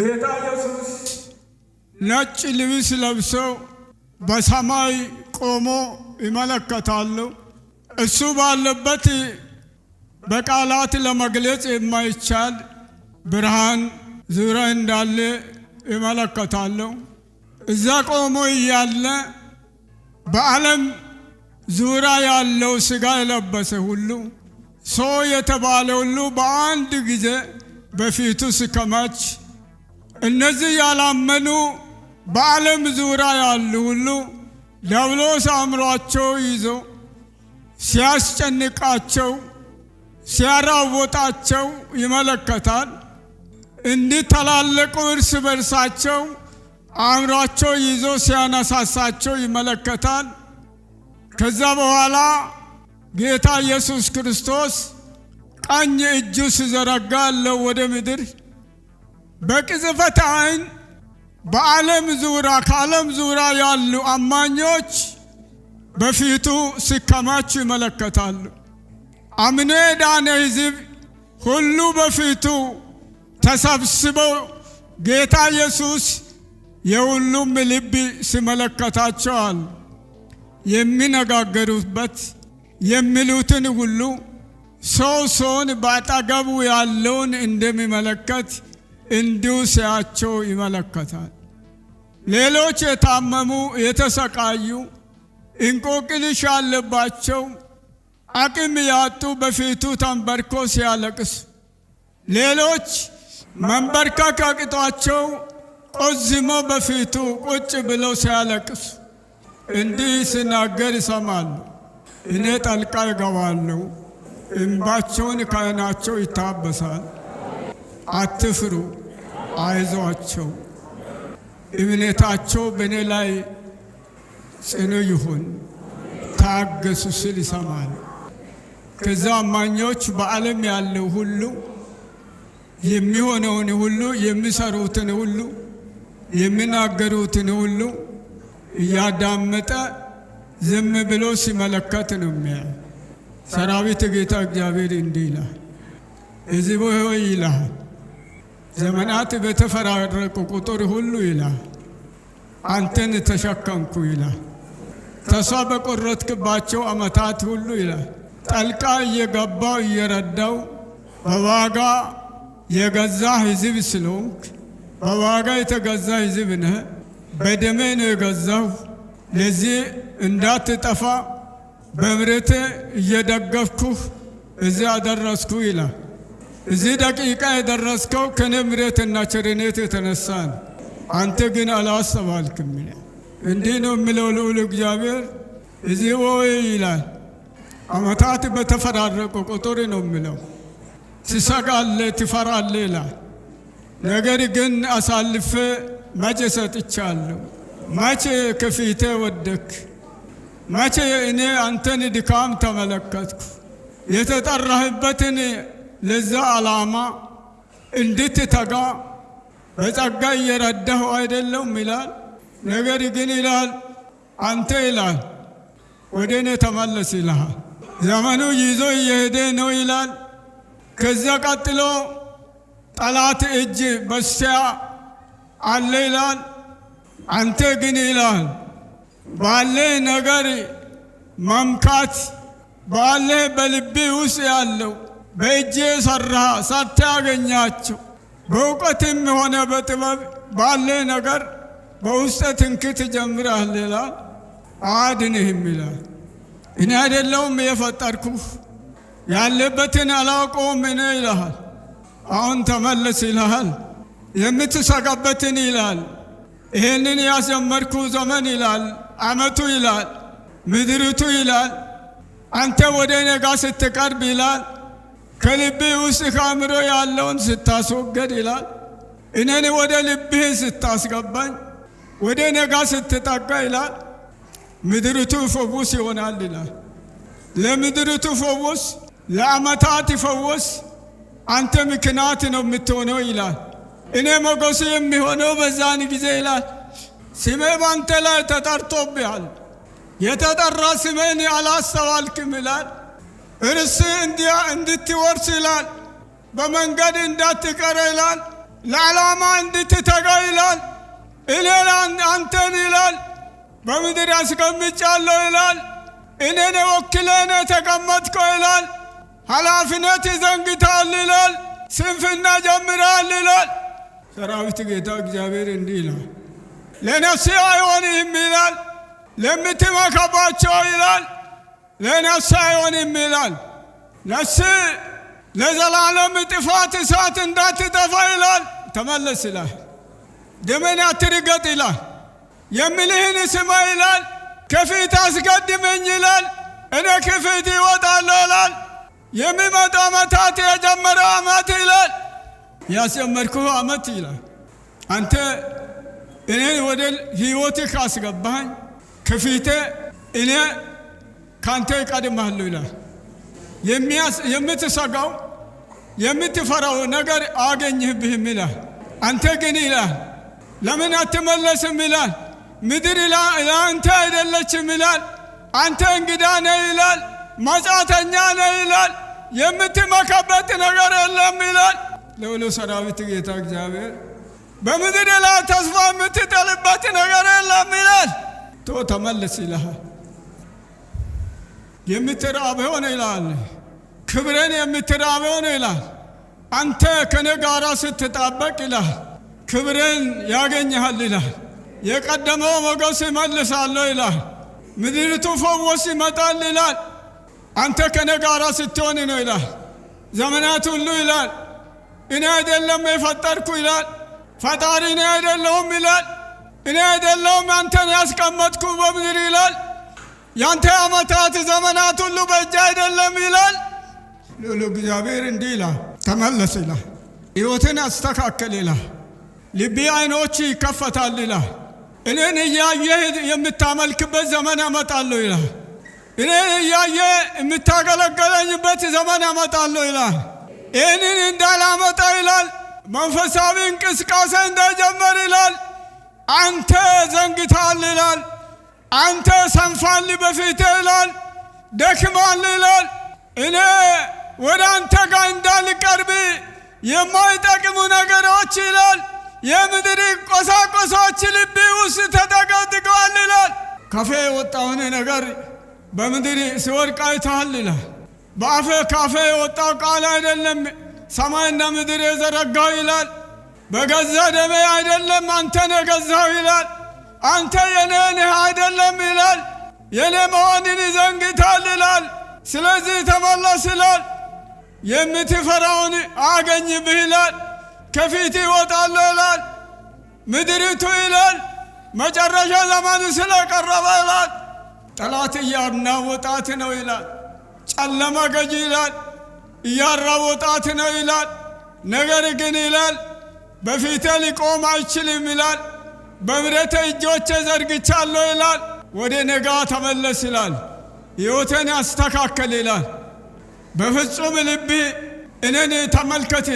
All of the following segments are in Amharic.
ጌታ ኢየሱስ ነጭ ልብስ ለብሶ በሰማይ ቆሞ ይመለከታሉ። እሱ ባለበት በቃላት ለመግለጽ የማይቻል ብርሃን ዙሪያ እንዳለ ይመለከታለሁ። እዛ ቆሞ እያለ በዓለም ዙሪያ ያለው ሥጋ የለበሰ ሁሉ ሰው የተባለ ሁሉ በአንድ ጊዜ በፊቱ ሲከማች እነዚህ ያላመኑ በዓለም ዙሪያ ያሉ ሁሉ ዲያብሎስ አእምሯቸው ይዞ ሲያስጨንቃቸው ሲያራወጣቸው ይመለከታል። እንዲተላለቁ እርስ በርሳቸው አእምሯቸው ይዞ ሲያነሳሳቸው ይመለከታል። ከዛ በኋላ ጌታ ኢየሱስ ክርስቶስ ቀኝ እጁ ሲዘረጋ ወደ ምድር በቅጽፈት ዓይን በዓለም ዙራ ከዓለም ዙራ ያሉ አማኞች በፊቱ ሲከማች ይመለከታሉ። አምኔ ዳነ ሕዝብ ሁሉ በፊቱ ተሰብስበው ጌታ ኢየሱስ የሁሉም ልብ ሲመለከታቸዋል። የሚነጋገሩበት የሚሉትን ሁሉ ሰው ሰውን በአጠገቡ ያለውን እንደሚመለከት እንዲሁ ሲያቸው ይመለከታል። ሌሎች የታመሙ የተሰቃዩ፣ እንቆቅልሽ ያለባቸው አቅም ያጡ በፊቱ ተንበርኮ ሲያለቅስ፣ ሌሎች መንበርከክ አቅቷቸው ቆዝሞ በፊቱ ቁጭ ብለው ሲያለቅስ እንዲህ ሲናገር ይሰማሉ። እኔ ጠልቃ ይገባለሁ፣ እንባቸውን ከዓይናቸው ይታበሳል። አትፍሩ አይዟቸው፣ እምነታቸው በእኔ ላይ ጽኑ ይሁን፣ ታገሱ ስል ይሰማል። ከዛ አማኞች በዓለም ያለው ሁሉ የሚሆነውን ሁሉ የሚሰሩትን ሁሉ የሚናገሩትን ሁሉ እያዳመጠ ዝም ብሎ ሲመለከት ነው የሚያ ሰራዊት ጌታ እግዚአብሔር እንዲህ ይላል፣ እዚህ ሆይ ዘመናት በተፈራረቁ ቁጥር ሁሉ ይላል አንተን ተሸከምኩ ይላል። ተስፋ በቆረጥክባቸው ዓመታት ሁሉ ይላል ጠልቃ እየገባው እየረዳው በዋጋ የገዛ ሕዝብ ስለሆንክ በዋጋ የተገዛ ሕዝብ ነህ። በደሜ ነው የገዛው ለዚህ እንዳትጠፋ በምሬት እየደገፍኩህ እዚህ አደረስኩ ይላል። እዚህ ደቂቃ የደረስከው ከኔ ምሬትና ቸርኔት የተነሳ ነው። አንተ ግን አላሰባልክም። እንዲህ ነው የምለው ልዑል እግዚአብሔር እዚህ ወይ ይላል። አመታት በተፈራረቁ ቁጥር ነው የምለው ትሰጋለ፣ ትፈራለ ይላል። ነገር ግን አሳልፌ መቼ ሰጥቻለሁ? መቼ ከፊቴ ወደክ? መቼ እኔ አንተን ድካም ተመለከትኩ? የተጠራህበትን ለዛ ዓላማ እንድትተጋ በጸጋ እየረዳሁ አይደለም ይላል። ነገር ግን ይላል አንተ ይላል ወደ እኔ ተመለስ ይልሃል። ዘመኑ ይዞ እየሄደ ነው ይላል። ከዛ ቀጥሎ ጠላት እጅ በስቲያ አለ ይላል። አንተ ግን ይላል ባለ ነገር መምካት ባለ በልቤ ውስጥ ያለው በእጄ ሰራ ሳታገኛቸው በእውቀትም ሆነ በጥበብ ባለ ነገር በውስጠ ትንክት ጀምረሃል ይላል። አድንህም ይላል። እኔ አይደለውም የፈጠርኩህ ያለበትን አላውቀውም እኔ ይልሃል። አሁን ተመለስ ይልሃል። የምትሰጋበትን ይላል። ይህንን ያስጀመርኩ ዘመን ይላል። አመቱ ይላል። ምድሪቱ ይላል። አንተ ወደ ነጋ ስትቀርብ ይላል ከልብህ ውስጥ ከአእምሮ ያለውን ስታስወገድ ይላል እኔን ወደ ልብህ ስታስገባኝ ወደ ነጋ ስትጠጋ ይላል ምድርቱ ፈውስ ይሆናል ይላል። ለምድርቱ ፈውስ ለአመታት ፈውስ አንተ ምክንያት ነው የምትሆነው ይላል። እኔ ሞገሱ የሚሆነው በዛን ጊዜ ይላል። ስሜ ባንተ ላይ ተጠርቶብሃል፣ የተጠራ ስሜን አላስተዋልክም ይላል። እርስ እንድትወርስ ይላል። በመንገድ እንዳትቀረ ይላል። ለዓላማ እንድትተጋ ይላል። እኔን አንተን ይላል በምድር አስቀምጫለሁ ይላል። እኔን ወክለን ተቀመጥኮ ይላል። ኃላፊነት ይዘንግታል ይላል። ስንፍና ጀምራል ይላል። ሰራዊት ጌታ እግዚአብሔር እንዲህ ይላል፣ ለነፍሴ አይሆንህም ይላል። ለምትመካባቸው ይላል ለነፍስ አይሆንም ይላል። ነፍስ ለዘላለም ጥፋት እሳት እንዳትጠፋ ይላል። ተመለስ ይላል። ደመን አትርገጥ ይላል። የምልህን ስማ ይላል። ከፊት አስቀድመኝ ይላል። እኔ ከፊት ይወጣለሁ ይላል። የሚመጣ አመታት የጀመረ አመት ይላል። ያስጀመርኩ አመት ይላል። አንተ እኔ ወደ ህይወት ካስገባኸኝ ከፊቴ እኔ ከአንተ ይቀድምሃለሁ ይላል። የምትሰጋው የምትፈራው ነገር አገኝህብህም ይላል። አንተ ግን ይላል ለምን አትመለስም ይላል። ምድር ለአንተ አይደለችም ይላል። አንተ እንግዳ ነህ ይላል። መጻተኛ ነህ ይላል። የምትመካበት ነገር የለም ይላል። ለውሎ ሰራዊት ጌታ እግዚአብሔር በምድር ላይ ተስፋ የምትጠልበት ነገር የለም ይላል። ቶ ተመለስ ይልሃል። የምትራበውን ይላል። ክብረን የምትራበውን ይላል። አንተ ከኔ ጋራ ስትጣበቅ ይላል ክብረን ያገኘሃል ይላል። የቀደመው ሞገስ ይመልሳለሁ ይላል። ምድሪቱ ፈወስ ይመጣል ይላል። አንተ ከኔ ጋራ ስትሆን ነው ይላል። ዘመናት ሁሉ ይላል እኔ አይደለም የፈጠርኩ ይላል። ፈጣሪ እኔ አይደለሁም ይላል። እኔ አይደለሁም አንተን ያስቀመጥኩ በምድር ይላል። ያንተ ዓመታት ዘመናት ሁሉ በእጅ አይደለም ይላል ልዑል እግዚአብሔር። እንዲህ ይላል፣ ተመለስ ይላል፣ ሕይወትን አስተካከል ይላል፣ ልቢ አይኖች ይከፈታል ይላል። እኔን እያየ የምታመልክበት ዘመን አመጣለሁ ይላል። እኔን እያየ የምታገለገለኝበት ዘመን አመጣለሁ ይላል። ይህንን እንዳላመጣ ይላል መንፈሳዊ እንቅስቃሴ እንዳይጀመር ይላል። አንተ ዘንግታል ይላል። አንተ ሰንፋል በፊት ይላል፣ ደክማል ይላል። እኔ ወደ አንተ ጋር እንዳልቀርብ የማይጠቅሙ ነገሮች ይላል፣ የምድር ቆሳቆሶች ልቢ ውስጥ ተጠቀጥቀዋል ይላል። ካፌ የወጣውን ነገር በምድር ሲወድቅ አይተሃል ይላል። በአፌ ካፌ የወጣው ቃል አይደለም ሰማይና ምድር የዘረጋው ይላል። በገዛ ደሜ አይደለም አንተን የገዛው ይላል። አንተ የኔ ነህ አይደለም ይላል። የኔ መሆንን ይዘንግታል ይላል። ስለዚህ ተመለስ ይላል። የምትፈራውን አገኝብህ ይላል። ከፊት ይወጣለሁ ይላል። ምድሪቱ ይላል መጨረሻ ዘመን ስለቀረበ ይላል። ጠላት እያናወጣት ነው ይላል። ጨለማ ገዢ ይላል እያራወጣት ነው ይላል። ነገር ግን ይላል በፊቴ ሊቆም አይችልም ይላል። በምረተ እጆቼ ዘርግቻለሁ ይላል። ወደ ነጋ ተመለስ ይላል። ሕይወቴን ያስተካከል ይላል። በፍጹም ልብ እኔን ተመልከት፣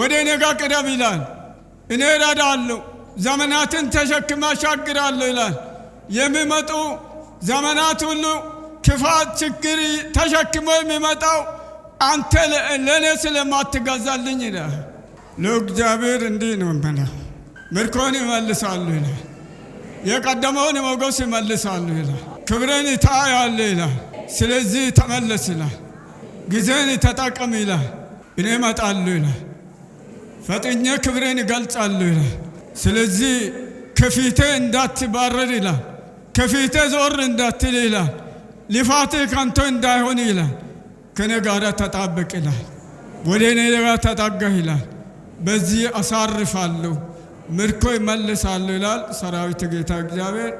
ወደ ነጋ ቅረብ ይላል። እኔ እረዳለሁ፣ ዘመናትን ተሸክመ አሻግራለሁ ይላል። የሚመጡ ዘመናት ሁሉ ክፋት፣ ችግር ተሸክሞ የሚመጣው አንተ ለእኔ ስለማትገዛልኝ ይላል። ለእግዚአብሔር እንዲህ ነው ምለው ምርኮን ይመልሳሉ ይላል። የቀደመውን ሞገስ ይመልሳሉ ይላል። ክብርን ታያለ ይላል። ስለዚህ ተመለስ ይላል። ጊዜን ተጠቀም ይላል። እኔ እመጣለሁ ይላል። ፈጥኜ ክብሬን ይገልጻሉ ይላል። ስለዚህ ከፊቴ እንዳትባረር ይላል። ከፊቴ ዞር እንዳትል ይላል። ልፋትህ ከንቶ እንዳይሆን ይላል። ከኔ ጋር ተጣበቅ ይላል። ወደ እኔ ጋር ተጠጋህ ይላል። በዚህ አሳርፋለሁ ምርኮ ይመልሳሉ ይላል ሰራዊት ጌታ እግዚአብሔር።